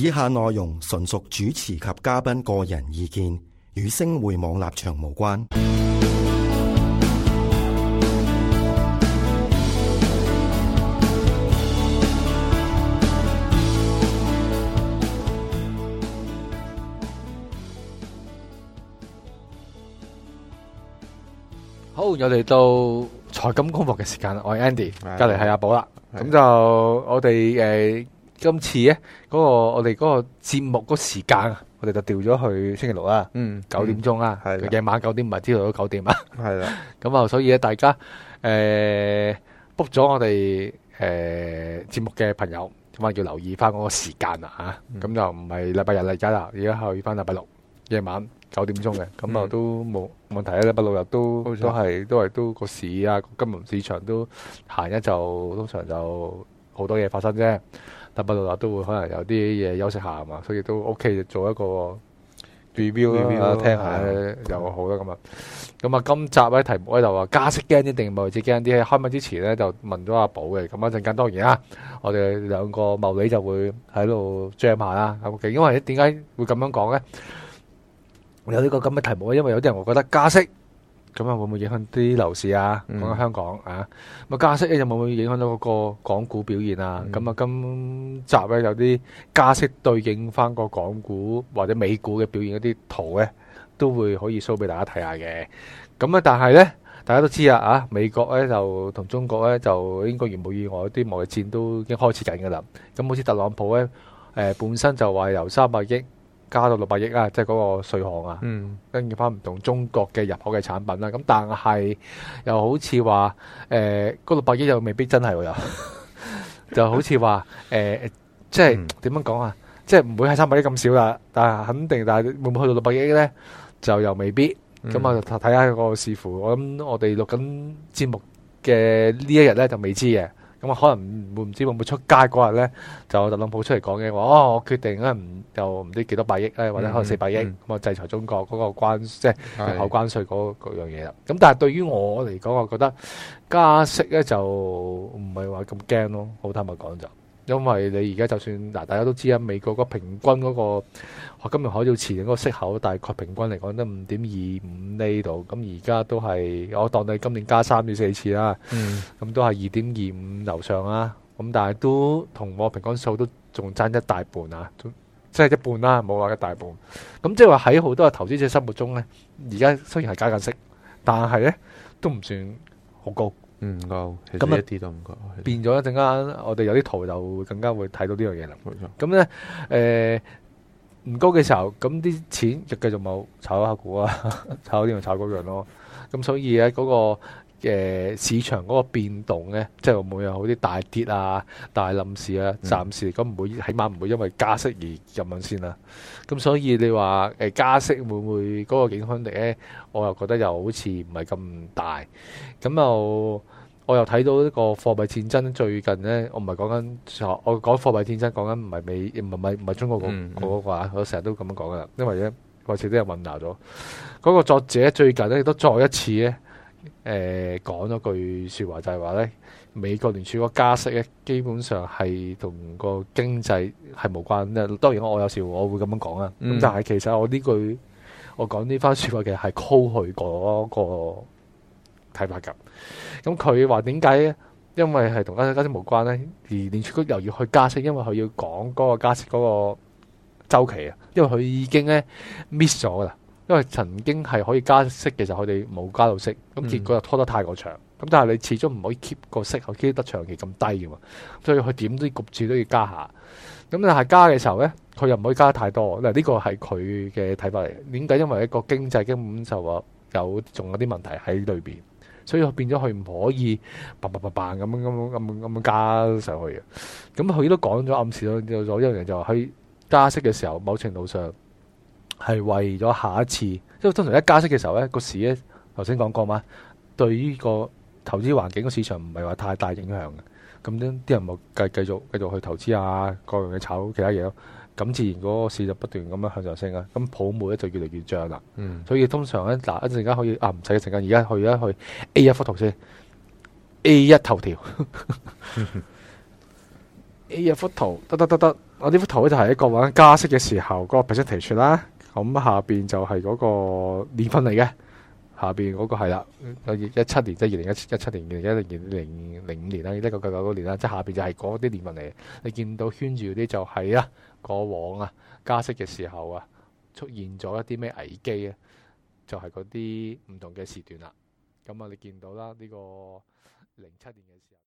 以下內容純屬主持及嘉賓個人意見，與星匯網立場無關。好，又嚟到財金工房嘅時間啦，我係 Andy，隔籬係阿寶啦，咁就我哋誒。呃今次咧，嗰、那個我哋嗰個節目嗰時間啊，我哋就調咗去星期六啦，嗯，九點鐘啊，夜、嗯、晚九點唔係，朝頭早九點啊，係啦。咁啊，所以咧，大家誒 book 咗我哋誒節目嘅朋友，要留意翻嗰個時間啦吓，咁、啊嗯嗯、就唔係禮拜日嚟噶啦，而家後要翻禮拜六夜晚九點鐘嘅，咁、嗯、啊、嗯、都冇問題啊，禮拜六日都、嗯、都係都係都個市啊，個金融市場都行一就通常就。好多嘢發生啫，但不畢啦都會可能有啲嘢休息下啊嘛，所以都 OK 做一個 review, review 啊，聽下又、嗯、好啦咁啊。咁啊，今集咧題目咧就話加息驚啲定唔係只驚啲？開麥之前咧就問咗阿寶嘅，咁一陣間當然啦，我哋兩個茂利就會喺度 jam 下啦，OK？因為點解會咁樣講咧？有呢個咁嘅題目，因為有啲人會覺得加息。咁啊，會唔會影響啲樓市啊？講緊香港啊，咁加息咧，又會唔會影響到嗰個港股表現啊？咁啊，今集咧有啲加息對應翻個港股或者美股嘅表現一啲圖咧，都會可以 show 俾大家睇下嘅。咁啊，但係咧，大家都知啦啊，美國咧就同中國咧就應該如冇意外，啲貿易戰都已經開始緊噶啦。咁好似特朗普咧，誒本身就話由三百億。加到六百億啊，即係嗰個稅項啊，嗯、跟住翻唔同中國嘅入口嘅產品啦、啊。咁但係又好似話，誒嗰六百億又未必真係喎，又 就好似話，誒即係點樣講啊？即係唔會係三百億咁少啦、啊，但係肯定，但係會唔會去到六百億咧？就又未必。咁、嗯、啊，就睇下個視乎。我諗我哋錄緊節目嘅呢一日咧，就未知嘅。咁啊，可能唔會唔知會唔會出街嗰日咧，就特朗普出嚟講嘅話，哦，我決定咧唔就唔知幾多百億咧，或者可能四百億咁啊、嗯嗯，制裁中國嗰個關即係入口關稅嗰樣嘢啦。咁但係對於我嚟講，我覺得加息咧就唔係話咁驚咯，好坦白講就。因為你而家就算嗱，大家都知啊，美國個平均嗰、那個金融海嘯前嗰個息口，大概平均嚟講都五點二五呢度，咁而家都係我當你今年加三至四次啦，咁、嗯、都係二點二五以上啦，咁但係都同我平均數都仲爭一大半啊，即係一半啦，冇話一大半。咁即係話喺好多嘅投資者心目中呢，而家雖然係加緊息，但係呢都唔算好高。唔、嗯、夠其實一啲都唔高，變咗一陣間，我哋有啲圖就會更加會睇到呢樣嘢啦。冇錯，咁咧，誒、唔、呃、高嘅時候，咁啲錢就繼續冇炒下股啊， 炒呢樣炒嗰樣咯，咁所以咧嗰、那個。嘅市場嗰個變動咧，即係會唔會有好啲大跌啊、大冧市啊，暫時？咁唔會，起碼唔會因為加息而入問先啦。咁所以你話誒加息會唔會嗰個影響力咧？我又覺得又好似唔係咁大。咁又我又睇到呢個貨幣戰爭最近咧，我唔係講緊就我講貨幣戰爭，講緊唔係美唔係唔係中國個嗰個啊。我成日都咁樣講噶啦，因為咧，或者啲人混淆咗嗰個作者最近咧亦都再一次咧。誒、呃，講咗句說話就係話咧，美國聯儲局加息咧，基本上係同個經濟係無關咧。當然啦，我有時候我會咁樣講啊。咁、嗯、但係其實我呢句，我講呢番說話其實係 call 佢，嗰個睇法噶。咁佢話點解咧？因為係同加息加息無關咧，而聯儲局又要去加息，因為佢要講嗰個加息嗰個週期啊。因為佢已經咧 miss 咗啦。因為曾經係可以加息嘅時候，佢哋冇加到息，咁結果又拖得太過長。咁但係你始終唔可以 keep 個息，keep 得長期咁低嘅嘛。所以佢點都焗住都要加下。咁但係加嘅時候呢，佢又唔可以加太多。嗱，呢個係佢嘅睇法嚟。年底因為一個經濟根本就話，有仲有啲問題喺裏邊，所以變咗佢唔可以，叭叭叭咁樣咁樣咁樣咁樣加上去嘅。咁佢都講咗暗示咗，一樣嘢，就話佢加息嘅時候，某程度上。係為咗下一次，因為通常一加息嘅時候咧，個市咧頭先講過嘛，對於個投資環境個市場唔係話太大影響嘅。咁啲人咪繼繼續繼續去投資啊，各樣嘅炒其他嘢咯。咁自然嗰個市就不斷咁樣向上升啊。咁泡沫咧就越嚟越漲啦。嗯。所以通常咧，嗱一陣間可以啊唔使一陣間，而家去一去 A 一幅圖先，A 一頭條。A 一幅圖，得得得得，我呢、啊、幅圖就係一個玩加息嘅時候嗰、那個 percent 提出啦。咁下邊就係嗰個年份嚟嘅，下邊嗰個係啦，一七年即係二零一七一七年，二零一零年，二零零五年啦，一九九九年啦，即係下邊就係嗰啲年份嚟嘅。你見到圈住嗰啲就係啊，過往啊加息嘅時候啊出現咗一啲咩危機啊，就係嗰啲唔同嘅時段啦。咁啊，你見到啦呢個零七年嘅時候。